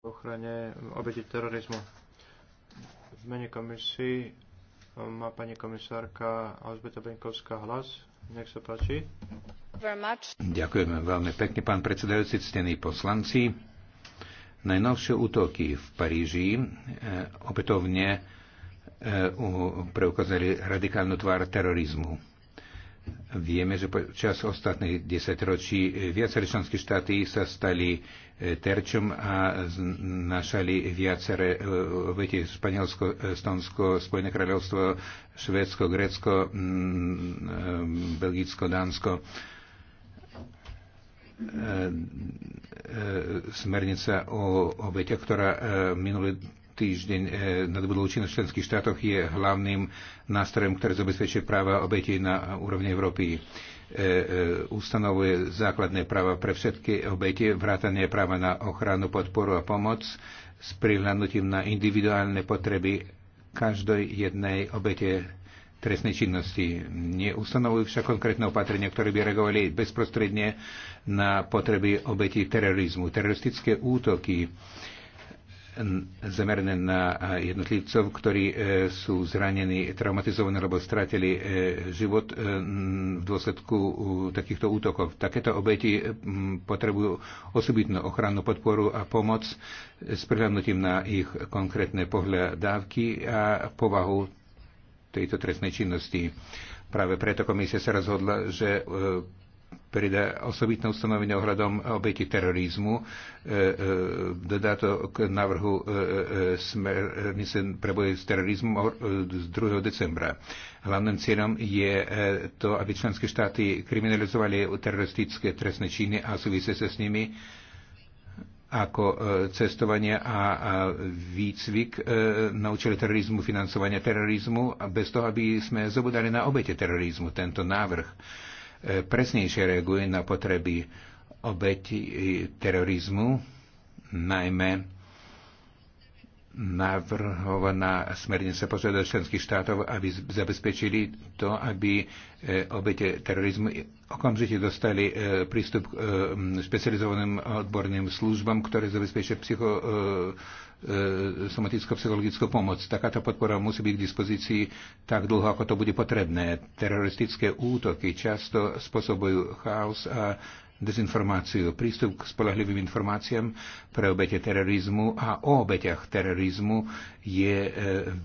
ochrane obeti terorizmu. V mene komisii eh, má pani komisárka Alžbeta Benkovská hlas. Nech sa páči. Ďakujeme veľmi pekne, pán predsedajúci, ctení poslanci. Najnovšie útoky v Paríži eh, opätovne eh, preukázali radikálnu tvár terorizmu Vieme, že počas ostatných desaťročí viaceré členské štáty sa stali e, terčom a našali viaceré obete e, Španielsko, Estonsko, Spojené kráľovstvo, Švédsko, Grécko, Belgicko, Dánsko. E, smernica o obete, ktorá minulý týždeň eh, nadobudol účinnosť v členských štátoch, je hlavným nástrojom, ktorý zabezpečuje práva obetí na úrovni Európy. Eh, eh, ustanovuje základné práva pre všetky obete, vrátanie práva na ochranu, podporu a pomoc s prihľadnutím na individuálne potreby každej jednej obete trestnej činnosti. Neustanovujú však konkrétne opatrenia, ktoré by reagovali bezprostredne na potreby obeti terorizmu. Teroristické útoky zamerané na jednotlivcov, ktorí e, sú zranení, traumatizovaní alebo stratili e, život e, v dôsledku takýchto útokov. Takéto obeti potrebujú osobitnú ochrannú podporu a pomoc s prihľadnutím na ich konkrétne pohľadávky a povahu tejto trestnej činnosti. Práve preto komisia sa rozhodla, že pridá osobitné ustanovenie ohľadom obeti terorizmu, e, e, Dodá to k návrhu e, smernice pre boj s terorizmom z 2. decembra. Hlavným cieľom je to, aby členské štáty kriminalizovali teroristické trestné činy a súvisie sa s nimi ako cestovanie a výcvik na naučili terorizmu, financovania terorizmu, bez toho, aby sme zabudali na obete terorizmu tento návrh E, presnejšie reaguje na potreby obeti e, terorizmu, najmä navrhovaná smernica požiada členských štátov, aby zabezpečili to, aby e, obete terorizmu okamžite dostali e, prístup k e, špecializovaným odborným službám, ktoré zabezpečia psycho, somaticko-psychologickú pomoc. Takáto podpora musí byť k dispozícii tak dlho, ako to bude potrebné. Teroristické útoky často spôsobujú chaos a dezinformáciu, prístup k spolahlivým informáciám pre obete terorizmu a o obeťach terorizmu je e,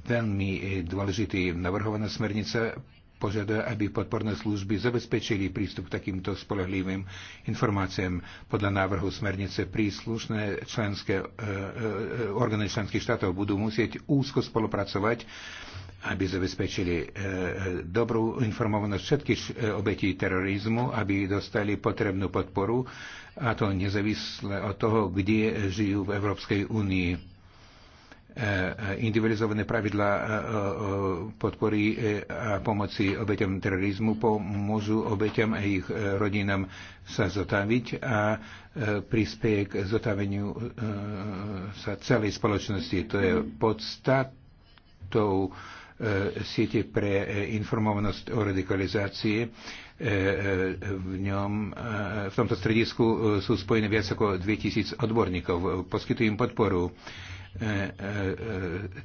veľmi e, dôležitý. Navrhovaná smernica požaduje, aby podporné služby zabezpečili prístup k takýmto spolahlivým informáciám. Podľa návrhu smernice príslušné členské, e, e, e, orgány členských štátov budú musieť úzko spolupracovať aby zabezpečili e, e, dobrú informovanosť všetkých e, obetí terorizmu, aby dostali potrebnú podporu, a to nezávisle od toho, kde žijú v Európskej únii. Individualizované pravidla podpory a pomoci obeťam terorizmu pomôžu obeťam a ich rodinám sa zotaviť a prispieje k zotaveniu sa celej spoločnosti. To je podstatou E, siete pre e, informovanosť o radikalizácii. E, v, ňom, v tomto stredisku sú spojené viac ako 2000 odborníkov. Poskytujem podporu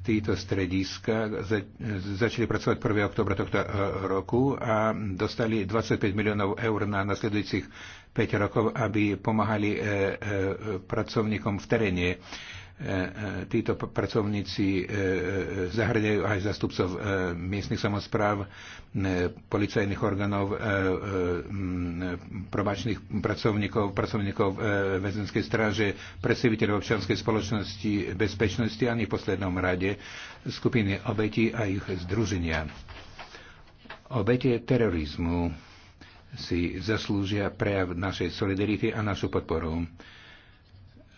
títo strediska začali pracovať 1. oktobra tohto roku a dostali 25 miliónov eur na nasledujúcich 5 rokov, aby pomáhali pracovníkom v teréne E, e, títo pracovníci e, zahrňajú aj zastupcov miestnych samozpráv, policajných orgánov, probačných pracovníkov, pracovníkov väzenskej stráže, predstaviteľov občianskej spoločnosti, bezpečnosti a v poslednom rade skupiny obeti a ich združenia. Obete terorizmu si zaslúžia prejav našej solidarity a našu podporu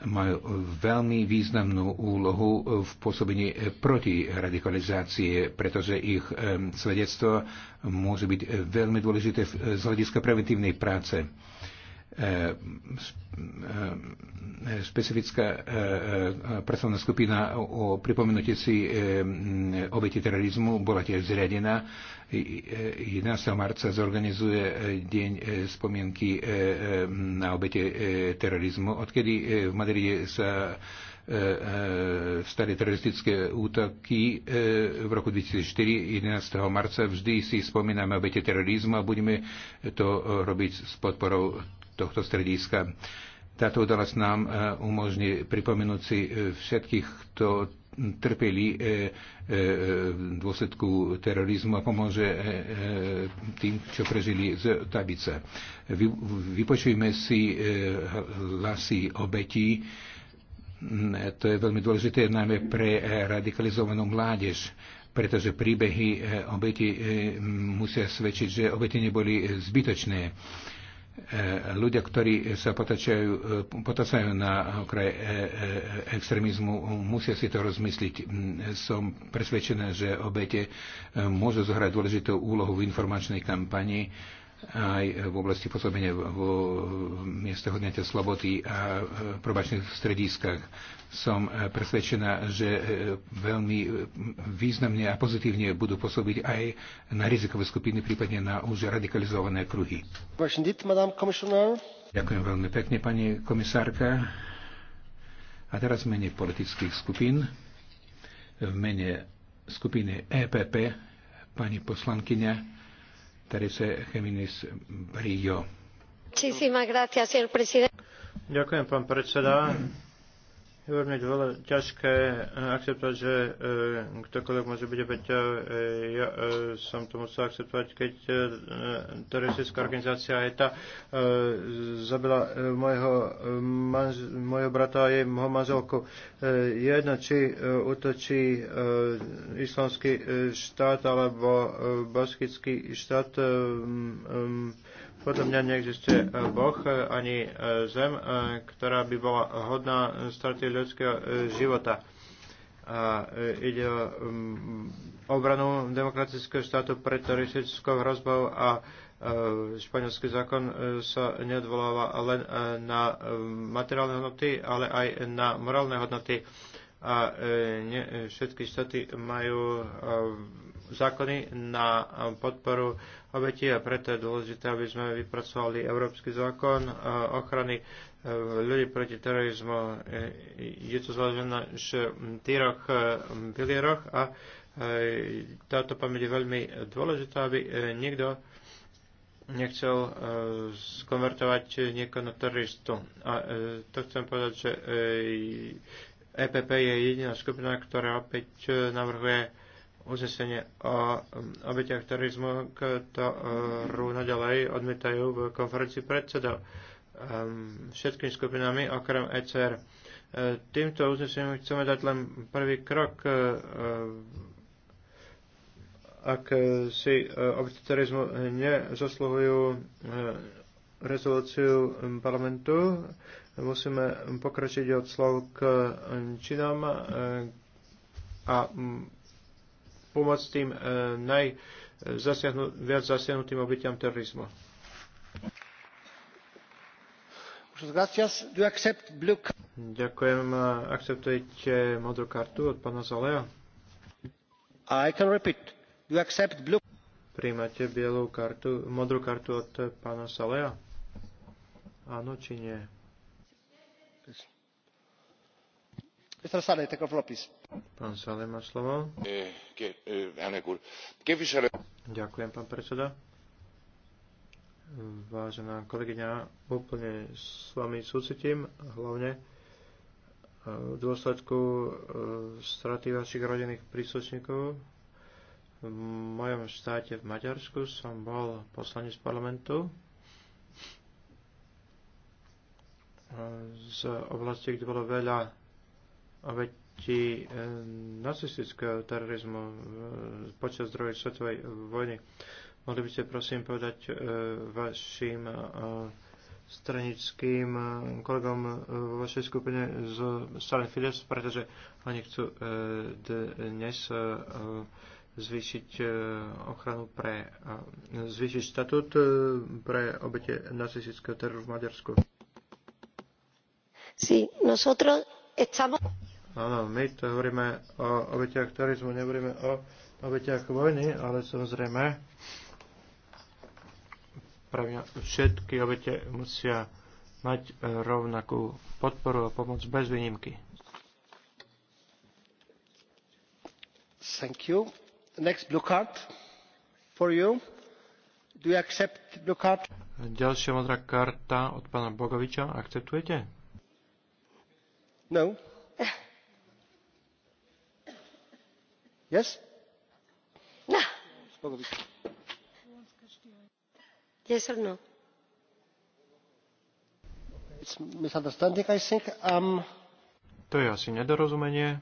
majú veľmi významnú úlohu v pôsobení proti radikalizácie, pretože ich svedectvo môže byť veľmi dôležité z hľadiska preventívnej práce špecifická ehm, ehm, ehm, pracovná skupina o pripomenutí si obeti terorizmu bola tiež zriadená. 11. marca zorganizuje e, deň e, spomienky e, na obete terorizmu. Odkedy v Madride sa stali teroristické útoky v roku 2004, 11. marca. Vždy si spomíname obete terorizmu a budeme to robiť s podporou tohto strediska. Táto udalosť nám e, umožní pripomenúť si e, všetkých, kto trpeli e, v dôsledku terorizmu a pomôže tým, čo prežili z tabice. Vypočujme si hlasy obetí. Mm, to je veľmi dôležité najmä pre radikalizovanú mládež pretože príbehy obeti musia svedčiť, že obete neboli zbytočné E, ľudia, ktorí sa potačajú, e, potacajú na okraj e, extrémizmu, musia si to rozmysliť. Mm, som presvedčená, že obete môžu zohrať dôležitú úlohu v informačnej kampanii aj v oblasti pôsobenia v mieste hodnete slobody a e, probačných strediskách. Som e, presvedčená, že e, veľmi významne a pozitívne budú pôsobiť aj na rizikové skupiny, prípadne na už radikalizované kruhy. Ďakujem veľmi pekne, pani komisárka. A teraz v mene politických skupín, v mene skupiny EPP, pani poslankyňa Terese Cheminis Brillo. Ďakujem, pán predseda. Je veľmi veľa ťažké eh, akceptovať, že e, ktokoľvek môže byť obeť. E, ja e, som to musel akceptovať, keď e, teroristická organizácia ETA e, zabila e, mojho, manž, mojho brata a jej jeho manželku. E, jedno, či e, utočí e, islamský e, štát alebo e, baskický štát, e, e, podľa mňa neexistuje eh, Boh eh, ani eh, zem, ktorá by bola hodná straty ľudského života. A ide o mm, obranu demokratického štátu pred teroristickou hrozbou a španielský zákon sa neodvoláva len na materiálne hodnoty, ale aj na morálne hodnoty. A všetky štáty majú zákony na podporu obetí a preto je dôležité, aby sme vypracovali Európsky zákon eh, ochrany eh, ľudí proti terorizmu. Eh, je to založené v týroch pilieroch a táto pamäť je veľmi dôležitá, aby nikto nechcel skonvertovať niekoho na teroristu. A to chcem povedať, že EPP e je jediná skupina, ktorá opäť uh, navrhuje uznesenie o um, obetiach terorizmu, ktorú naďalej odmietajú v konferencii predsedov um, všetkým skupinami okrem ECR. E, týmto uznesením chceme dať len prvý krok e, e, ak si obete terorizmu nezasluhujú rezolúciu um, parlamentu, musíme pokračiť od slov k činom a pomôcť tým e, naj, e, zasiahnu, viac zasiahnutým obyťam terorizmu. Ďakujem. Akceptujete modrú kartu od pána Zaleja? I can repeat. you accept blue... Príjmate bielú kartu, modrú kartu od pána Saleja? Áno či nie? Mr. Salej, take off, please. Pán Sale má slovo. E, e, Ďakujem, pán predseda. Vážená kolegyňa, úplne s vami súcitím, hlavne e, v dôsledku straty vašich rodinných príslušníkov. V mojom štáte v Maďarsku som bol poslanec parlamentu z oblasti, kde bolo veľa obeť či e, eh, nacistického terorizmu e, počas druhej svetovej vojny. Mohli by ste prosím povedať e, vašim e, stranickým kolegom vo vašej skupine z strany Fides, pretože oni chcú dnes zvýšiť ochranu pre, zvýšiť statút pre obete nacistického teroru v Maďarsku. Sí, nosotros estamos... Áno, my to hovoríme o obetiach terorizmu, nehovoríme o obetiach vojny, ale samozrejme pre mňa všetky obete musia mať e, rovnakú podporu a pomoc bez výnimky. Thank you. Next blue card for you. Do you accept blue card? Ďalšia modrá karta od pána Bogoviča. Akceptujete? No. No. No? Um, to je asi nedorozumenie.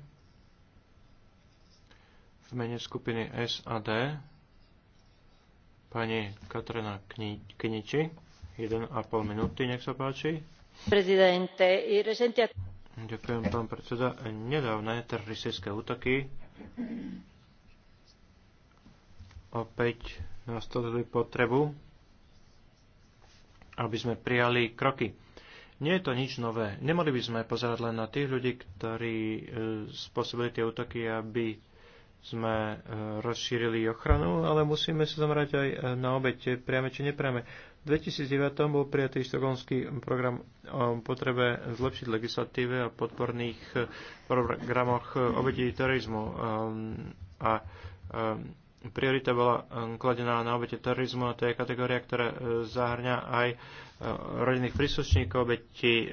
V mene skupiny SAD pani Katrina Kni- Kniči, 1,5 minúty, nech sa páči. Ďakujem, pán predseda. Nedávne teroristické útoky Opäť nás to dali potrebu, aby sme prijali kroky. Nie je to nič nové. Nemali by sme pozerať len na tých ľudí, ktorí e, spôsobili tie útoky, aby sme e, rozšírili ochranu, ale musíme sa zamerať aj e, na obete, priame či nepriame. V 2009 bol prijatý štokholmský program o potrebe zlepšiť legislatíve a podporných eh, programoch eh, obetí terorizmu. Ehm, a ehm, priorita bola ehm, kladená na obete terorizmu a to je kategória, ktorá eh, zahrňa aj rodinných príslušníkov obetí.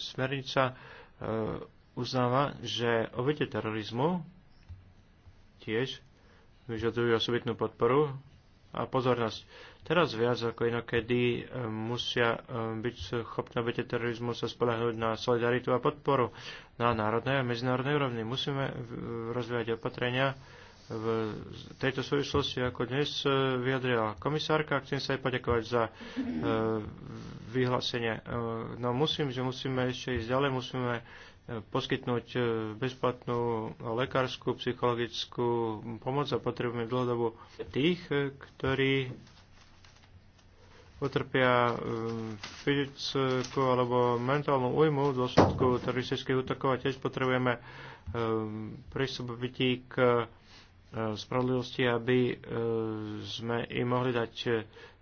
Smernica uznáva, že obete terorizmu tiež vyžadujú osobitnú podporu a pozornosť Teraz viac ako inokedy eh, musia eh, byť schopné obete terorizmu sa spolahnúť na solidaritu a podporu na národnej a medzinárodnej úrovni. Musíme rozvíjať opatrenia v tejto súvislosti, ako dnes eh, vyjadrila komisárka. Chcem sa aj poďakovať za vyhlásenie. No musím, že musíme ešte ísť ďalej, musíme poskytnúť bezplatnú lekárskú, psychologickú pomoc a potrebujeme dlhodobu tých, ktorí utrpia eh, fyzickú alebo mentálnu újmu v dôsledku teroristických útokov a tiež potrebujeme eh, pristúpiť k eh, spravodlivosti, aby sme im mohli dať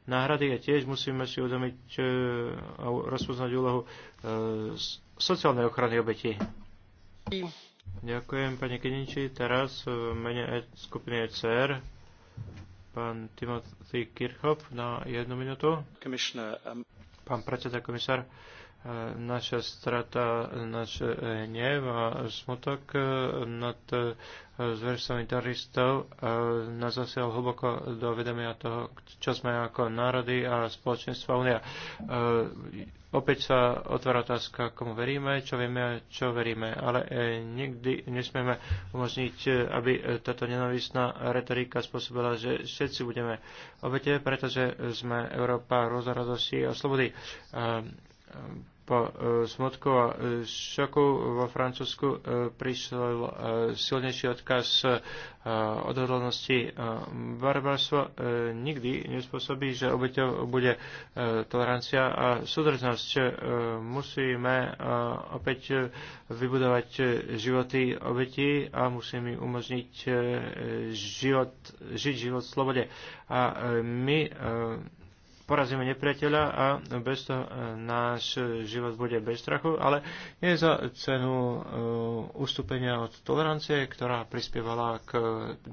náhrady a tiež musíme si uvedomiť a rozpoznať úlohu sociálnej ochrany obetí. Ďakujem, pani Kedinči. Teraz v mene e-, skupiny ECR Pán Timothy Kirchhoff na jednu minútu. Um, Pán predseda komisár, eh, naša strata, náš eh, hnev a smutok eh, nad zverstvami teroristov nás zasiel hlboko do vedomia toho, čo sme ako národy a spoločenstva Unia. Opäť sa otvára otázka, komu veríme, čo vieme a čo veríme, ale e, nikdy nesmieme umožniť, e, aby e, táto nenávistná retorika spôsobila, že všetci budeme obete, pretože sme Európa rôznorodosti a slobody. E, e, po e, smutku a e, šoku vo Francúzsku e, prišiel silnejší odkaz odhodlnosti barbarstvo nikdy nespôsobí, že obeťou bude tolerancia a súdržnosť. Musíme opäť vybudovať životy obetí a musíme im umožniť život, žiť život v slobode. A my porazíme nepriateľa a bez toho e, náš život bude bez strachu, ale nie za cenu e, ustúpenia od tolerancie, ktorá prispievala k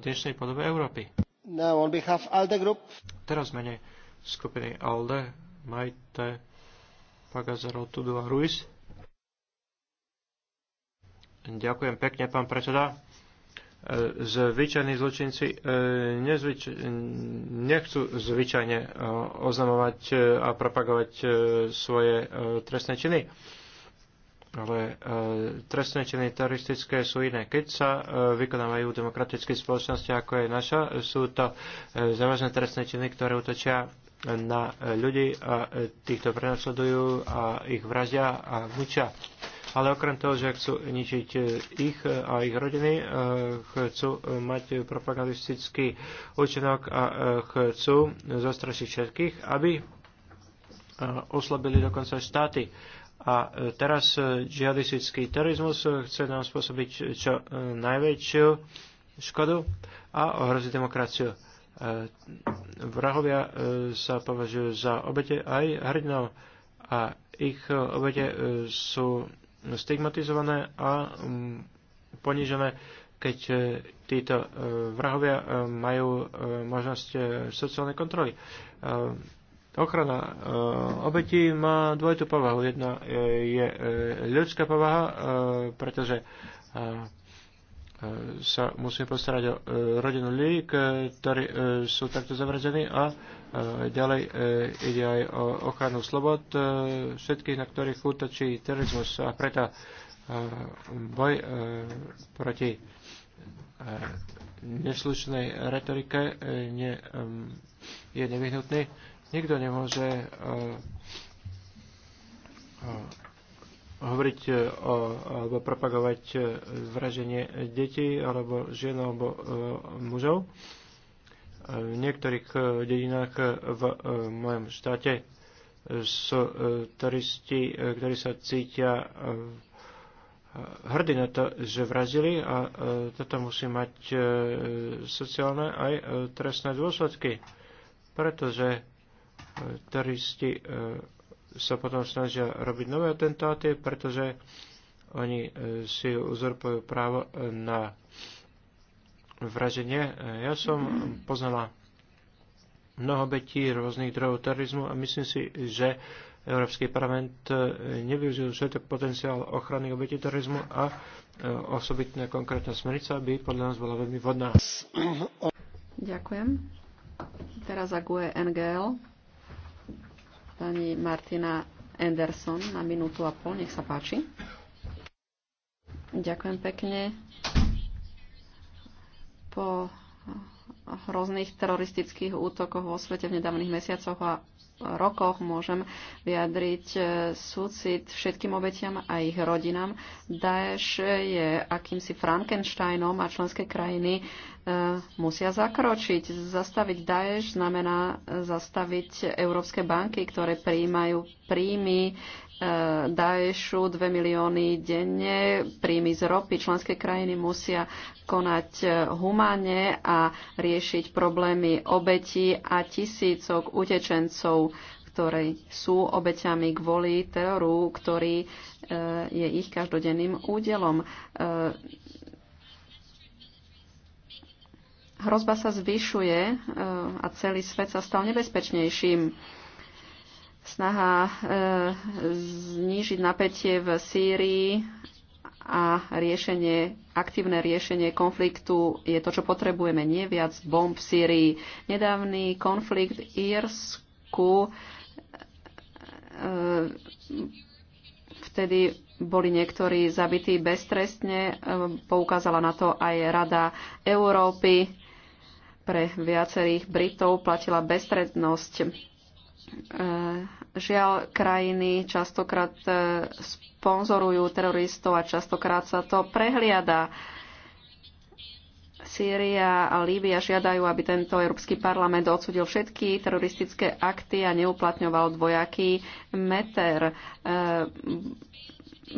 dnešnej podobe Európy. Now on behalf ALDE Group. Teraz menej skupiny ALDE, Majte, Pagazaro, Tudu a Ruiz. Ďakujem pekne, pán predseda zvyčajní zločinci e, nezvyč- nechcú zvyčajne e, oznamovať e, a propagovať svoje trestné činy. Ale trestné činy teroristické sú iné. Keď sa vykonávajú demokratické spoločnosti, ako je naša, sú to závažné trestné činy, ktoré utočia na ľudí a týchto prenasledujú a ich vražia a mučia ale okrem toho, že chcú ničiť eh, ich eh, a ich rodiny, eh, chcú mať propagandistický účinok a chcú zastrašiť všetkých, aby oslabili dokonca štáty. A teraz džihadistický terorizmus chce nám spôsobiť čo najväčšiu škodu a ohroziť demokraciu. Vrahovia sa považujú za obete aj hrdinov a ich obete sú stigmatizované a mm, ponížené, keď e, títo e, vrahovia e, majú možnosť sociálnej kontroly. Ochrana obetí má dvojitú povahu. Jedna je ľudská povaha, pretože sa musíme postarať o e, rodinu ľudí, ktorí e, sú takto zavraždení a e, ďalej e, ide aj o ochranu slobod e, všetkých, na ktorých útočí terorizmus a preto e, boj e, proti e, neslušnej retorike e, e, ne, je nevyhnutný. Nikto nemôže e, e hovoriť e, o, alebo propagovať e, vraženie detí alebo žien alebo e, mužov. E, v niektorých dedinách v e, mojom štáte sú e, turisti, e, ktorí sa cítia e, hrdí na to, že vrazili a toto musí mať sociálne aj trestné dôsledky, pretože e, sa potom snažia robiť nové atentáty, pretože oni e, si uzurpujú právo e, na vraženie. E, ja som poznala mnoho betí rôznych druhov terorizmu a myslím si, že Európsky parlament nevyužil všetok potenciál ochrany obeti terorizmu a osobitná konkrétna smerica by podľa nás bola veľmi vhodná. Ďakujem. Teraz za NGL. Pani Martina Anderson na minútu a pol, nech sa páči. Ďakujem pekne. Po hrozných teroristických útokoch vo svete v nedávnych mesiacoch a rokoch môžem vyjadriť eh, súcit všetkým obetiam a ich rodinám. Daesh je akýmsi Frankensteinom a členské krajiny eh, musia zakročiť. Zastaviť Daesh znamená eh, zastaviť európske banky, ktoré prijímajú príjmy Daešu 2 milióny denne, príjmy z ropy. Členské krajiny musia konať e, humane a riešiť problémy obetí a tisícok utečencov, ktorí sú obeťami kvôli teroru, ktorý e, je ich každodenným údelom. E, hrozba sa zvyšuje a celý svet sa stal nebezpečnejším snaha e, znížiť napätie v Sýrii a riešenie, aktívne riešenie konfliktu je to, čo potrebujeme, nie viac bomb v Sýrii. Nedávny konflikt Írsku e, vtedy boli niektorí zabití beztrestne, e, poukázala na to aj Rada Európy. Pre viacerých Britov platila beztrestnosť Eh, žiaľ, krajiny častokrát eh, sponzorujú teroristov a častokrát sa to prehliada. Sýria a Líbia žiadajú, aby tento Európsky parlament odsudil všetky teroristické akty a neuplatňoval dvojaký meter. Eh,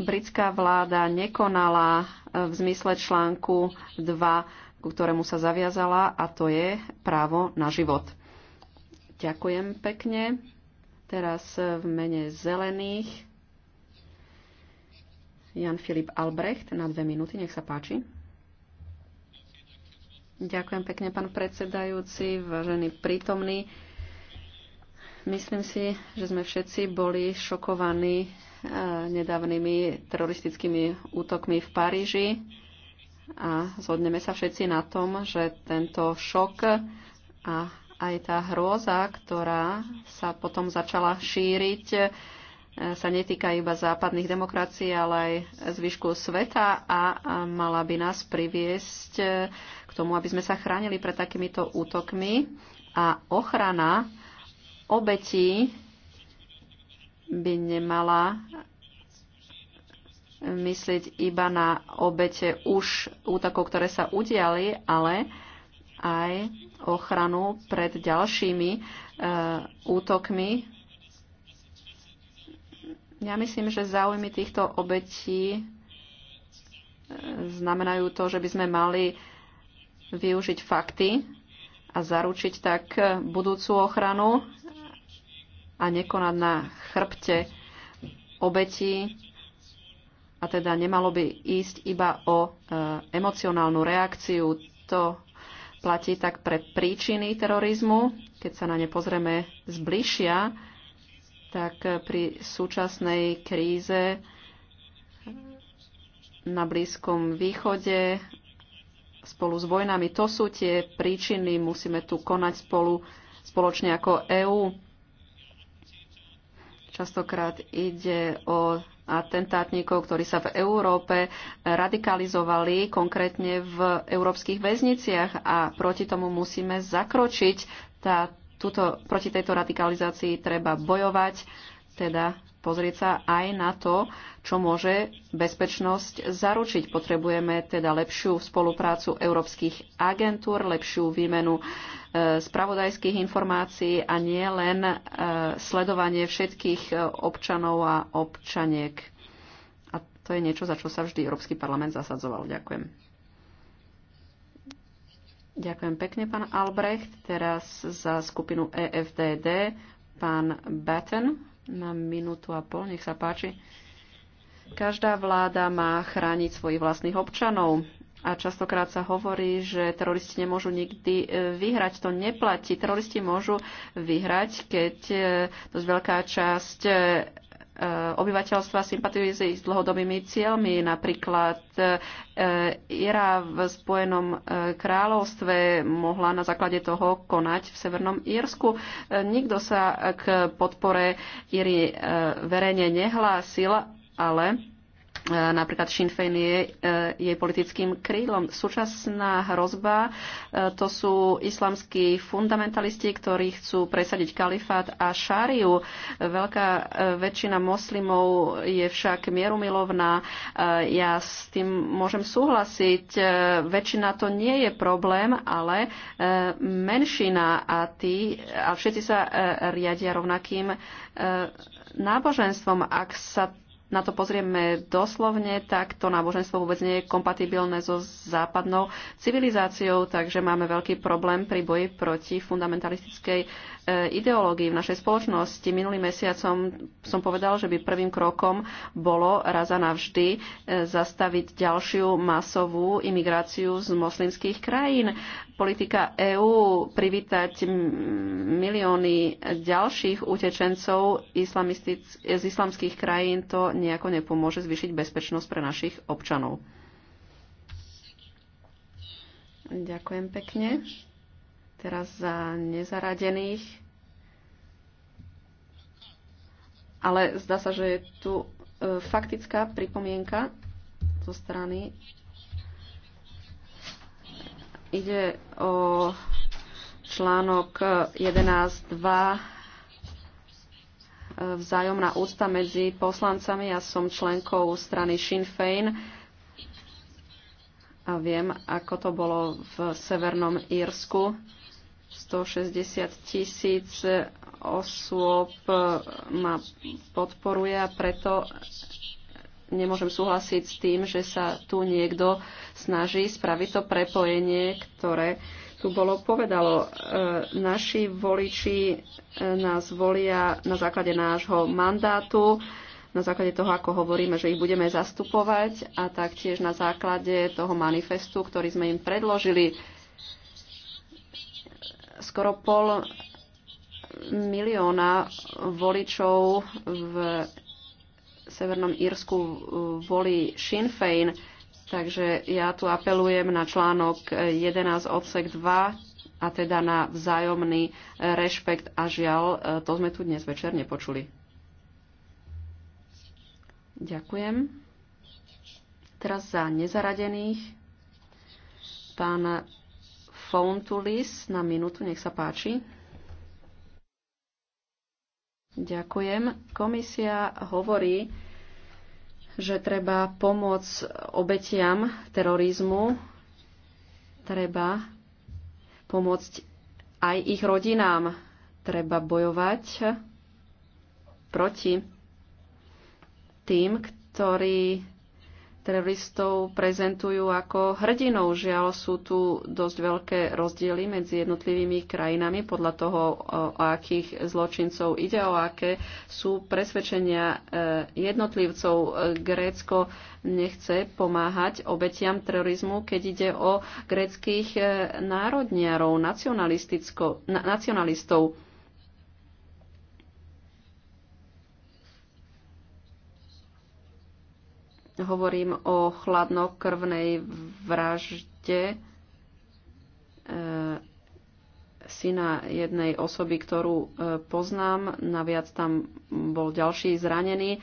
britská vláda nekonala v zmysle článku 2, ku ktorému sa zaviazala, a to je právo na život. Ďakujem pekne. Teraz v mene zelených Jan Filip Albrecht na dve minúty, nech sa páči. Ďakujem pekne, pán predsedajúci, vážený prítomný. Myslím si, že sme všetci boli šokovaní eh, nedávnymi teroristickými útokmi v Paríži a zhodneme sa všetci na tom, že tento šok a aj tá hrôza, ktorá sa potom začala šíriť, e, sa netýka iba západných demokracií, ale aj zvyšku sveta a mala by nás priviesť e, k tomu, aby sme sa chránili pred takýmito útokmi a ochrana obetí by nemala myslieť iba na obete už útokov, ktoré sa udiali, ale aj ochranu pred ďalšími e, útokmi. Ja myslím, že záujmy týchto obetí e, znamenajú to, že by sme mali využiť fakty a zaručiť tak budúcu ochranu a nekonať na chrbte obetí. A teda nemalo by ísť iba o e, emocionálnu reakciu. To Platí tak pre príčiny terorizmu. Keď sa na ne pozrieme zbližšia, tak pri súčasnej kríze na Blízkom východe spolu s vojnami. To sú tie príčiny, musíme tu konať spolu, spoločne ako EÚ. Častokrát ide o atentátníkov, ktorí sa v Európe radikalizovali, konkrétne v európskych väzniciach a proti tomu musíme zakročiť. Tá, tuto, proti tejto radikalizácii treba bojovať, teda pozrieť sa aj na to, čo môže bezpečnosť zaručiť. Potrebujeme teda lepšiu spoluprácu európskych agentúr, lepšiu výmenu e, spravodajských informácií a nie len e, sledovanie všetkých e, občanov a občaniek. A to je niečo, za čo sa vždy Európsky parlament zasadzoval. Ďakujem. Ďakujem pekne, pán Albrecht. Teraz za skupinu EFDD pán Batten. Mám minútu a pol, nech sa páči. Každá vláda má chrániť svojich vlastných občanov a častokrát sa hovorí, že teroristi nemôžu nikdy e, vyhrať. To neplatí. Teroristi môžu vyhrať, keď e, dosť veľká časť e, Eh, obyvateľstva sympatizuje s dlhodobými cieľmi, napríklad eh, Ira v Spojenom eh, kráľovstve mohla na základe toho konať v Severnom Írsku. Nikto sa k podpore Iry verejne nehlásil, ale E, napríklad Sinn Féin je e, jej politickým krídlom. Súčasná hrozba e, to sú islamskí fundamentalisti, ktorí chcú presadiť kalifát a šáriu. Veľká väčšina moslimov je však mierumilovná. Ja s tým môžem súhlasiť. Väčšina to nie je problém, ale menšina a, tí, a všetci sa riadia rovnakým náboženstvom. Ak sa na to pozrieme doslovne, tak to náboženstvo vôbec nie je kompatibilné so západnou civilizáciou, takže máme veľký problém pri boji proti fundamentalistickej E, ideológií v našej spoločnosti. Minulým mesiacom som, som povedal, že by prvým krokom bolo raz a navždy e, zastaviť ďalšiu masovú imigráciu z moslimských krajín. Politika EÚ privítať milióny ďalších utečencov z islamských krajín to nejako nepomôže zvýšiť bezpečnosť pre našich občanov. Ďakujem pekne teraz za nezaradených. Ale zdá sa, že je tu e, faktická pripomienka zo strany. Ide o článok 11.2 e, vzájomná úcta medzi poslancami. Ja som členkou strany Sinn Féin a viem, ako to bolo v Severnom Írsku. 160 tisíc osôb e, ma podporuje a preto nemôžem súhlasiť s tým, že sa tu niekto snaží spraviť to prepojenie, ktoré tu bolo povedalo. E, naši voliči e, nás volia na základe nášho mandátu, na základe toho, ako hovoríme, že ich budeme zastupovať a taktiež na základe toho manifestu, ktorý sme im predložili skoro pol milióna voličov v Severnom Írsku volí Sinn Féin. Takže ja tu apelujem na článok 11 odsek 2 a teda na vzájomný rešpekt a žiaľ, to sme tu dnes večer nepočuli. Ďakujem. Teraz za nezaradených pán Fountulis na minútu, nech sa páči. Ďakujem. Komisia hovorí, že treba pomôcť obetiam terorizmu, treba pomôcť aj ich rodinám, treba bojovať proti tým, ktorí teroristov prezentujú ako hrdinou. Žiaľ, sú tu dosť veľké rozdiely medzi jednotlivými krajinami podľa toho, o akých zločincov ide, o aké sú presvedčenia e, jednotlivcov. E, Grécko nechce pomáhať obetiam terorizmu, keď ide o gréckých e, národniarov, nacionalistov Hovorím o chladnokrvnej vražde e, syna jednej osoby, ktorú e, poznám. Naviac tam bol ďalší zranený. E,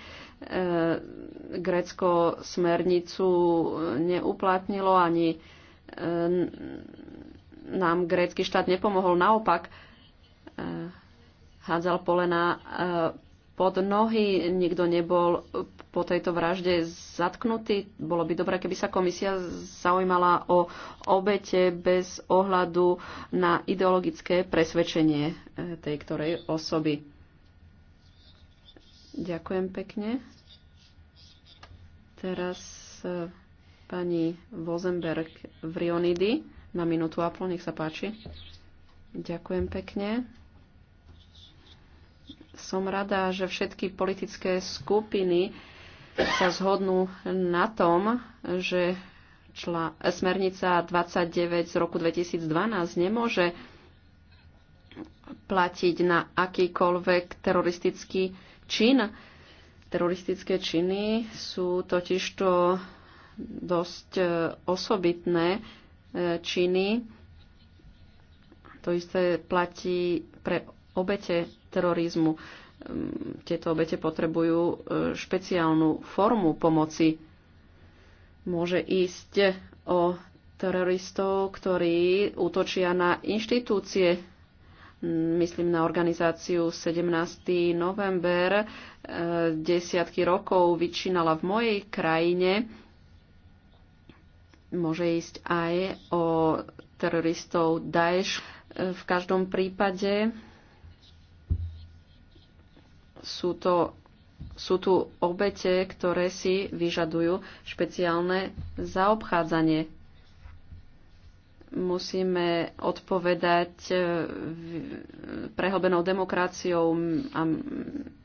Grécko smernicu neuplatnilo, ani nám grécky štát nepomohol. Naopak hádzal polená pod nohy, nikto nebol po tejto vražde zatknutý. Bolo by dobré, keby sa komisia zaujímala o obete bez ohľadu na ideologické presvedčenie e, tej ktorej osoby. Ďakujem pekne. Teraz e, pani Vozenberg v Rionidy na minútu a pol, nech sa páči. Ďakujem pekne. Som rada, že všetky politické skupiny sa zhodnú na tom, že čla, smernica 29 z roku 2012 nemôže platiť na akýkoľvek teroristický čin. Teroristické činy sú totižto dosť e, osobitné e, činy. To isté platí pre obete terorizmu. Ehm, tieto obete potrebujú e, špeciálnu formu pomoci. Môže ísť o teroristov, ktorí útočia na inštitúcie. Myslím na organizáciu 17. november. E, desiatky rokov vyčínala v mojej krajine. Môže ísť aj o teroristov Daesh. E, v každom prípade sú, to, sú tu obete, ktoré si vyžadujú špeciálne zaobchádzanie. Musíme odpovedať e, prehlbenou demokraciou a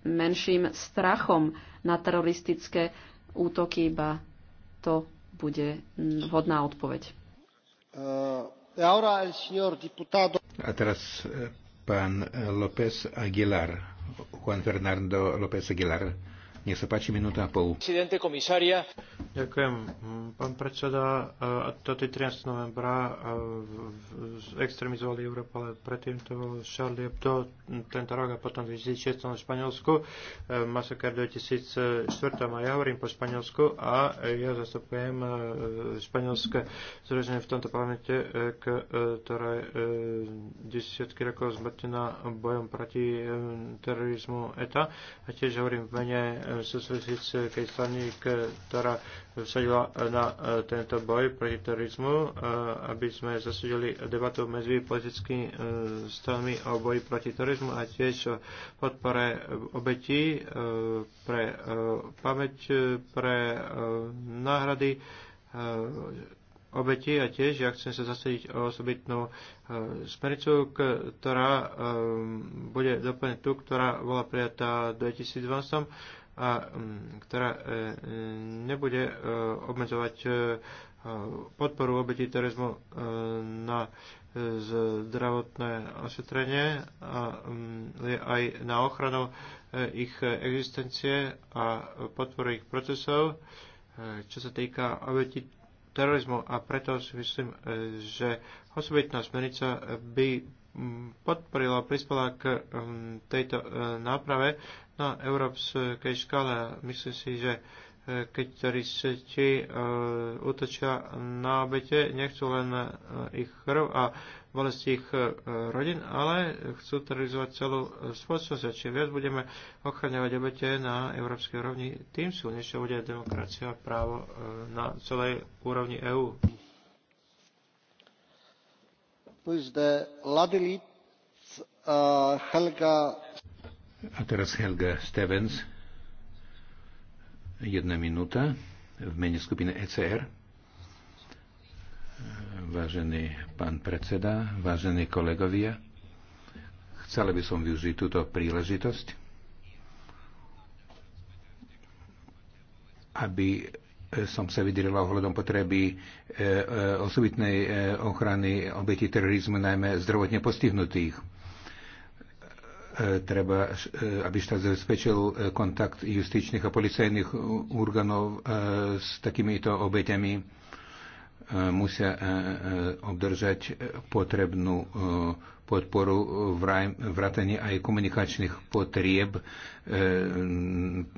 menším strachom na teroristické útoky, iba to bude vhodná odpoveď. E, e, a teraz pán López Aguilar. Juan Fernando López Aguilar. Nech sa páči, minúta a pol. Ďakujem, pán predseda. Toto e, 13. novembra e, extrémizovali Európa, ale predtým to bol Charlie Hebdo tento rok a potom v 2006 v Španielsku. E, masaker 2004 a ja hovorím po španielsku a ja zastupujem španielské zreženie v tomto parlamente, ktoré desiatky rokov zmrtená bojom proti terorizmu ETA a tiež hovorím v mene susvetice Kejslany, ktorá vsadila na e, tento boj proti terorizmu, e, aby sme zasudili debatu medzi politickými e, stranami o boji proti terorizmu a tiež o podpore obetí pre pamäť, pre náhrady obeti a tiež ja chcem sa zasadiť o osobitnú e, smericu, ktorá e, bude doplniť tú, ktorá bola prijatá v 2012 a mm, ktorá e, e, nebude e, obmedzovať podporu obetí terorizmu na zdravotné ošetrenie a mm, aj na ochranu ich existencie a podporu ich procesov, čo sa týka obetí terorizmu. A preto si myslím, že osobitná smernica by mm, podporila, prispela k tejto náprave na európskej škále. Myslím si, že e, keď teroristi e, útočia na obete, nechcú len e, ich krv a bolesti ich rodin, ale chcú terorizovať celú spoločnosť. Čím viac budeme ochraňovať obete na európskej úrovni, tým silnejšia bude demokracia a právo na celej úrovni EÚ. Helga a teraz Helga Stevens. Jedna minúta v mene skupiny ECR. Vážený pán predseda, vážení kolegovia, chcela by som využiť túto príležitosť, aby som sa vydrila ohľadom potreby e, e, osobitnej e, ochrany obeti terorizmu, najmä zdravotne postihnutých E, treba, e, aby štát zabezpečil e, kontakt justičných a policajných úrganov s takýmito obeťami. Musia obdržať potrebnú podporu vrátane aj komunikačných potrieb,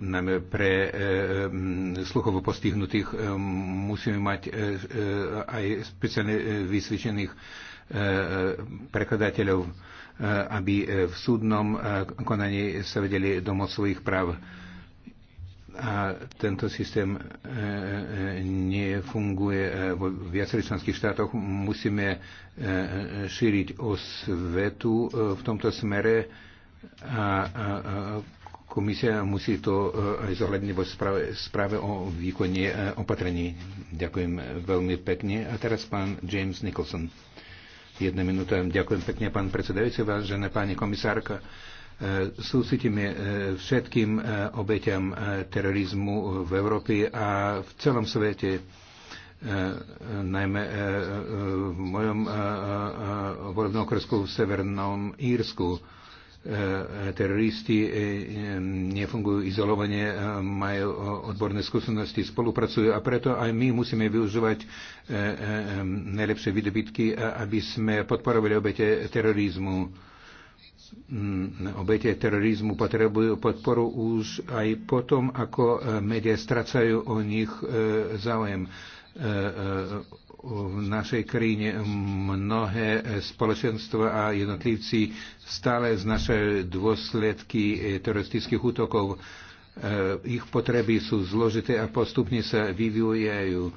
najmä pre sluchovo postihnutých. Musíme mať aj speciálne vysvedčených prekladateľov Eh, aby eh, v súdnom eh, konaní sa vedeli domôcť svojich práv. A tento systém nefunguje vo viacerých členských štátoch. Musíme šíriť osvetu v tomto smere a komisia musí to aj zohľadniť vo správe, správe o výkone opatrení. Ďakujem veľmi pekne. A teraz pán James Nicholson. Jedna minúta. Ďakujem pekne, pán predsedajúci, vážená pani komisárka. E, Súcitíme e, všetkým e, obeťam terorizmu v Európe a v celom svete najmä v mojom volebnom okresku v Severnom Írsku E, teroristi e, e, nefungujú izolovane, majú odborné skúsenosti, spolupracujú a preto aj my musíme využívať najlepšie vydobytky, aby sme podporovali obete terorizmu. Mm, obete terorizmu potrebujú podporu už aj potom, ako médiá strácajú o nich záujem v našej krajine mnohé spoločenstva a jednotlivci stále znašajú dôsledky eh, teroristických útokov. Eh, ich potreby sú zložité a postupne sa vyvíjajú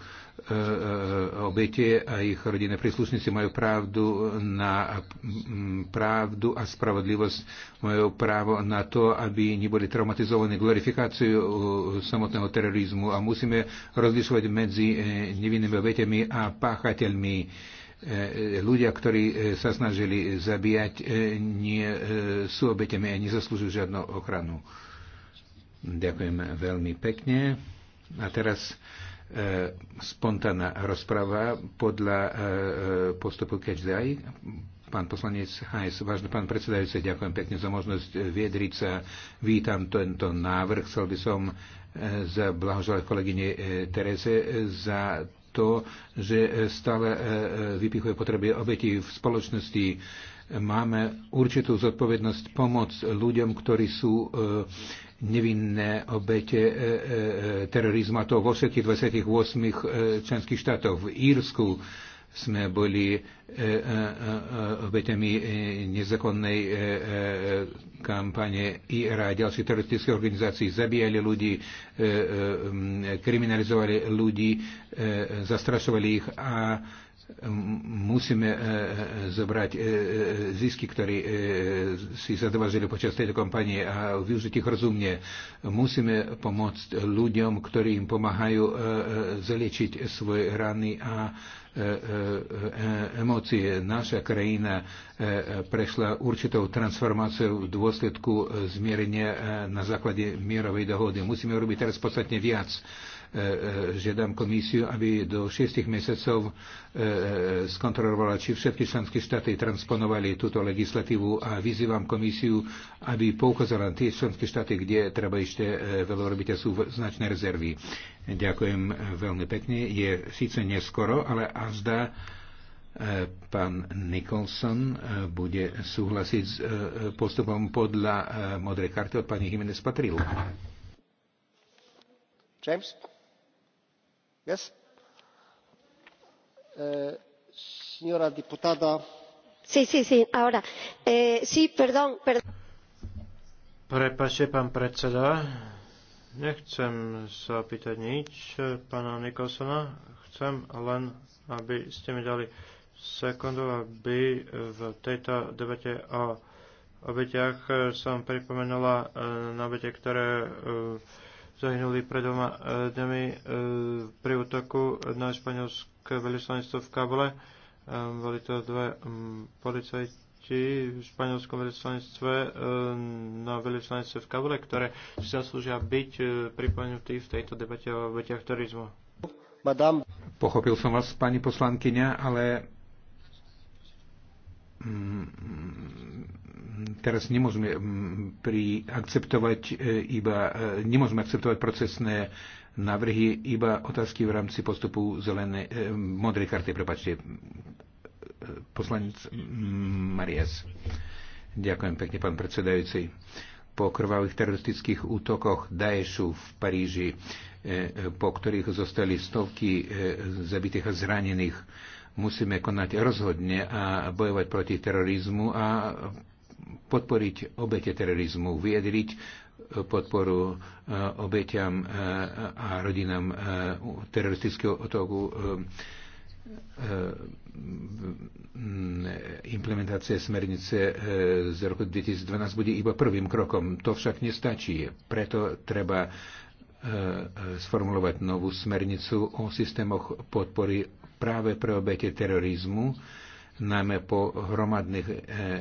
E, e, obete a ich rodinné príslušníci majú pravdu na pravdu a spravodlivosť, majú právo na to, aby neboli traumatizovaní glorifikáciu e, samotného terorizmu a musíme rozlišovať medzi nevinnými obetemi a páchateľmi. Ľudia, ktorí sa snažili zabíjať, nie sú obetemi a nezaslúžujú žiadnu ochranu. Ďakujem veľmi pekne. A teraz E, spontánna rozprava podľa e, e, postupu Catch the Eye. Pán poslanec Hajs, vážny pán predsedajúci, ďakujem pekne za možnosť viedriť sa. Vítam tento návrh. Chcel by som za zablahoželať kolegyne Tereze za to, že stále e, e, vypichuje potreby obetí v spoločnosti. Máme určitú zodpovednosť pomôcť ľuďom, ktorí sú e, nevinné obete terorizmu, a to vo všetkých 28 členských štátoch. V Írsku sme boli obeťami e, e, e, nezakonnej kampane IRA a ďalších teroristických organizácií. Zabíjali ľudí, kriminalizovali ľudí, zastrašovali ich a musíme e, e, e, zobrať zisky, ktoré si zadovažili počas tejto kampanie a využiť ich rozumne. Musíme pomôcť ľuďom, ktorí im pomáhajú zaliečiť svoje rany a emócie. Naša krajina prešla určitou transformáciou v dôsledku zmierenia na základe mierovej dohody. Musíme urobiť teraz podstatne viac E, e, žiadam komisiu, aby do šiestich mesiacov e, skontrolovala, či všetky členské štáty transponovali túto legislatívu a vyzývam komisiu, aby poukázala tie členské štáty, kde treba ešte veľa robiť a sú značné rezervy. Ďakujem veľmi pekne. Je síce neskoro, ale až zdá, pán Nicholson bude súhlasiť s postupom podľa modrej karty od pani Jiménez Patrilu. James? Eh, eh, prepáčte pán predseda nechcem sa pýtať nič pána nicholsona chcem len aby ste mi dali sekundu aby v tejto debate o obetiach som pripomenula eh, na obete ktoré zahynuli pred dvoma e, dňami e, pri útoku na španielské veľvyslanectvo v Kabule. E, boli to dve policajti v španielskom veľvyslanectve na veľvyslanectve v Kabule, ktoré si zaslúžia byť pripomenutí v tejto debate o obetiach terorizmu. Pochopil som vás, pani poslankyňa, ale teraz nemôžeme mm, pri akceptovať e, iba, e, nemôžeme akceptovať procesné návrhy, iba otázky v rámci postupu zelené, e, modrej karty, prepačte, poslanec mm, Marias. Ďakujem pekne, pán predsedajúci. Po krvavých teroristických útokoch Daešu v Paríži, po ktorých zostali stovky zabitých a zranených, Musíme konať rozhodne a bojovať proti terorizmu a podporiť obete terorizmu, vyjadriť podporu eh, obeťam eh, a rodinám eh, teroristického otoku implementácia smernice z roku 2012 bude iba prvým krokom. To však nestačí. Preto treba sformulovať novú smernicu o systémoch podpory práve pre obete terorizmu, najmä po hromadných e,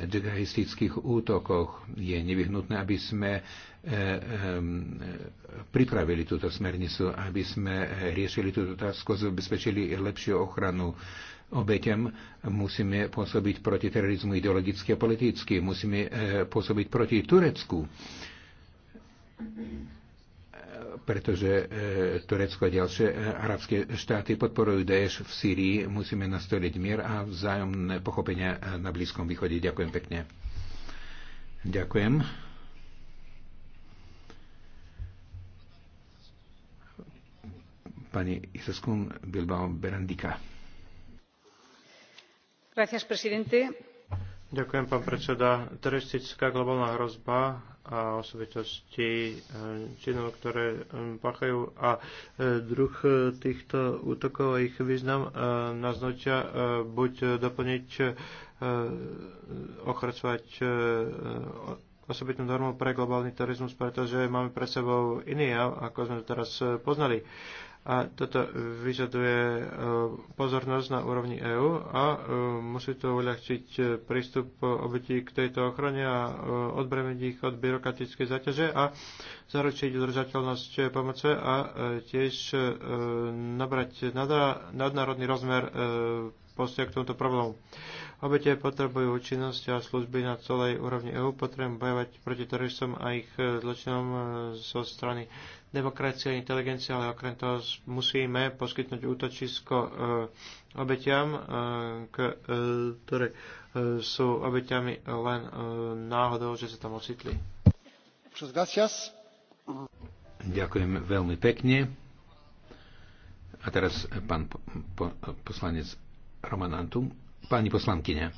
džihadistických útokoch. Je nevyhnutné, aby sme e, e, pripravili túto smernicu, aby sme riešili túto otázku, zabezpečili lepšiu ochranu obeťam. Musíme pôsobiť proti terorizmu ideologicky a politicky. Musíme e, pôsobiť proti Turecku pretože e, Turecko a ďalšie e, arabské štáty podporujú Daesh v Sýrii. Musíme nastoliť mier a vzájomné pochopenia e, na Blízkom východe. Ďakujem pekne. Ďakujem. Pani Isaskun Bilbao Berandika. Gracias, presidente. Ďakujem, pán predseda. Teroristická globálna hrozba a osobitosti e, činov, ktoré e, páchajú a e, druh týchto útokov a ich význam naznačia buď doplniť ochrcovať osobitnú normu pre globálny terorizmus, pretože máme pre sebou iný jav, ako sme to teraz poznali a toto vyžaduje e, pozornosť na úrovni EÚ a e, musí to uľahčiť e, prístup obetí k tejto ochrane a odbremeniť ich od byrokratickej zaťaže a zaručiť udržateľnosť pomoce a tiež nabrať nadnárodný rozmer postoja k tomuto problému. Obete potrebujú účinnosť a služby na celej úrovni EÚ, potrebujú bojovať proti teroristom a ich zločinom zo strany demokracia a inteligencia, ale okrem toho musíme poskytnúť útočisko eh, obetiam, eh, eh, ktoré sú obeťami len náhodou, že sa tam ocitli. Ďakujem veľmi pekne. A teraz pán poslanec Roman Antum, pani poslankyňa.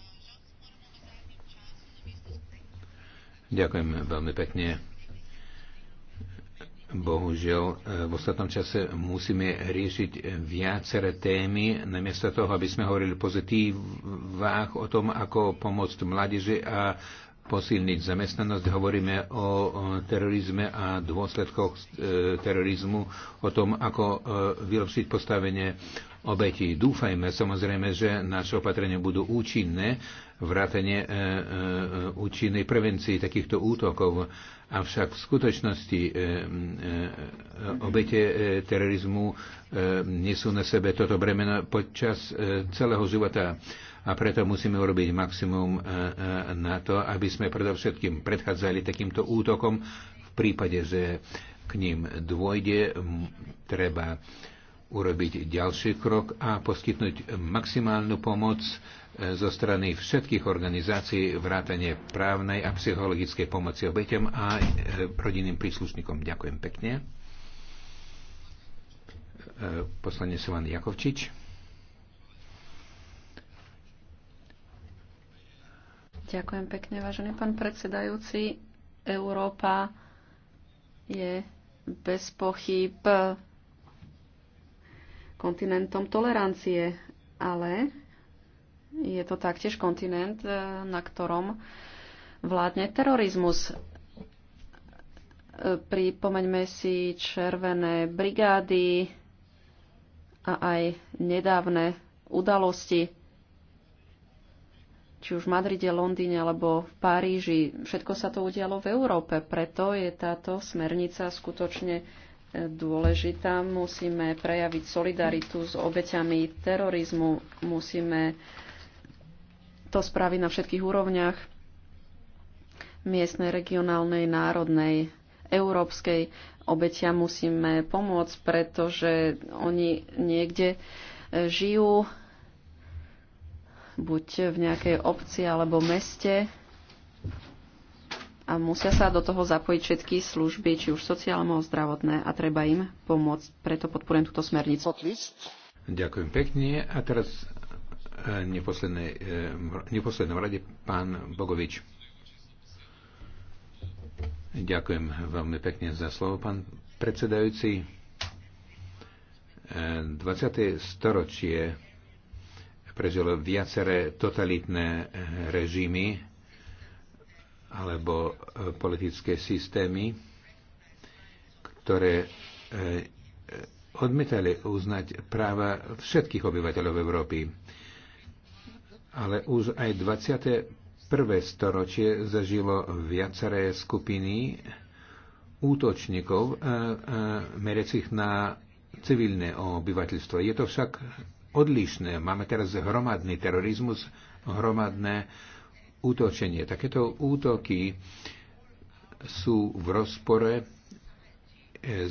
Ďakujem veľmi pekne Bohužiaľ, e, v ostatnom čase musíme riešiť viaceré témy, namiesto toho, aby sme hovorili pozitívach o tom, ako pomôcť mládeži a posilniť zamestnanosť. Hovoríme o terorizme a dôsledkoch e, terorizmu, o tom, ako e, vylepšiť postavenie obetí. Dúfajme samozrejme, že naše opatrenia budú účinné, vrátanie e, účinnej prevencii takýchto útokov. Avšak v skutočnosti e, e, obete e, terorizmu e, nesú na sebe toto bremeno počas e, celého života a preto musíme urobiť maximum e, e, na to, aby sme predovšetkým predchádzali takýmto útokom v prípade, že k ním dôjde, treba urobiť ďalší krok a poskytnúť maximálnu pomoc e, zo strany všetkých organizácií vrátane právnej a psychologickej pomoci obeťom a rodinným príslušníkom. Ďakujem pekne. Poslanec Ivan Jakovčič. Ďakujem pekne, vážený pán predsedajúci. Európa je bez pochyb kontinentom tolerancie, ale je to taktiež kontinent, e, na ktorom vládne terorizmus. E, pripomeňme si červené brigády a aj nedávne udalosti či už v Madride, Londýne alebo v Paríži. Všetko sa to udialo v Európe, preto je táto smernica skutočne e, dôležitá. Musíme prejaviť solidaritu s obeťami terorizmu, musíme to spraviť na všetkých úrovniach miestnej, regionálnej, národnej, európskej obeťa musíme pomôcť, pretože oni niekde e, žijú buď v nejakej obci alebo meste a musia sa do toho zapojiť všetky služby, či už sociálne, zdravotné a treba im pomôcť. Preto podporujem túto smernicu. Ďakujem pekne. A teraz e, e, v neposlednom rade pán Bogovič. Ďakujem veľmi pekne za slovo, pán predsedajúci. 20. E, storočie prežilo viaceré totalitné eh, režimy alebo eh, politické systémy, ktoré eh, odmietali uznať práva všetkých obyvateľov Európy. Ale už aj 21. storočie zažilo viaceré skupiny útočníkov merecich na civilné obyvateľstvo. Je to však odlišné. Máme teraz hromadný terorizmus, hromadné útočenie. Takéto útoky sú v rozpore e,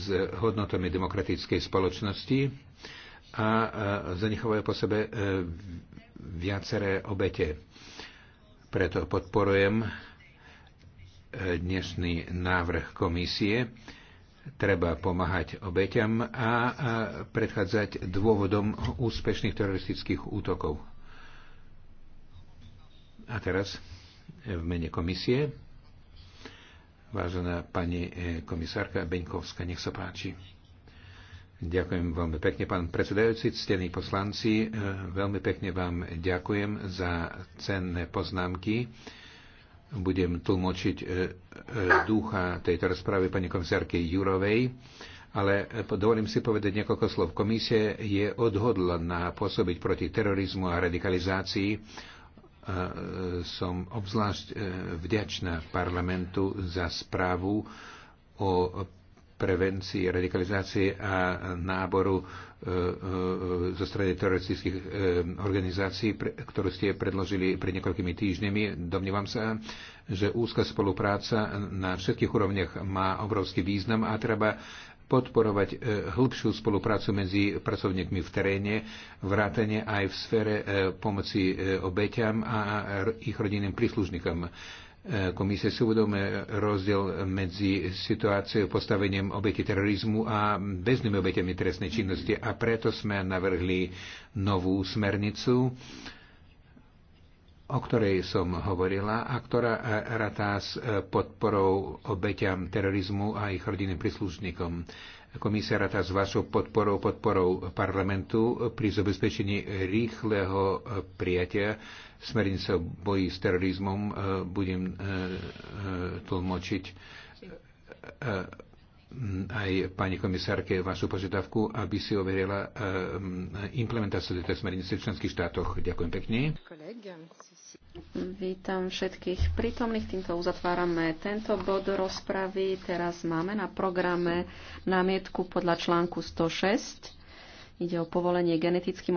s hodnotami demokratickej spoločnosti a zanechávajú po sebe e, viaceré obete. Preto podporujem e, dnešný návrh komisie Treba pomáhať obeťam a predchádzať dôvodom úspešných teroristických útokov. A teraz v mene komisie. Vážená pani e, komisárka Beňkovská, nech sa páči. Ďakujem veľmi pekne, pán predsedajúci, ctení poslanci. E, veľmi pekne vám ďakujem za cenné poznámky budem tlmočiť e, e, ducha tejto rozpravy pani komisárky Jurovej, ale e, dovolím si povedať niekoľko slov. Komisie je odhodlaná pôsobiť proti terorizmu a radikalizácii. Som obzvlášť vďačná parlamentu za správu o prevencii radikalizácie a náboru e, e, zo strany teroristických e, organizácií, ktorú ste predložili pred niekoľkými týždňami. Domnívam sa, že úzka spolupráca na všetkých úrovniach má obrovský význam a treba podporovať hĺbšiu spoluprácu medzi pracovníkmi v teréne, vrátane aj v sfére pomoci obeťam a ich rodinným príslušníkom komisie si uvedomuje rozdiel medzi situáciou postavením obeti terorizmu a beznými obetiami trestnej činnosti a preto sme navrhli novú smernicu, o ktorej som hovorila a ktorá ratá s podporou obeťam terorizmu a ich rodinným príslušníkom. Komisia rata s vašou podporou, podporou parlamentu pri zabezpečení rýchleho prijatia smernice o boji s terorizmom. E, budem e, e, tlmočiť aj pani komisárke vašu požiadavku, aby si overila implementáciu tejto smernice v členských štátoch. Ďakujem pekne. Vítam všetkých prítomných. Týmto uzatvárame tento bod rozpravy. Teraz máme na programe námietku podľa článku 106. Ide o povolenie geneticky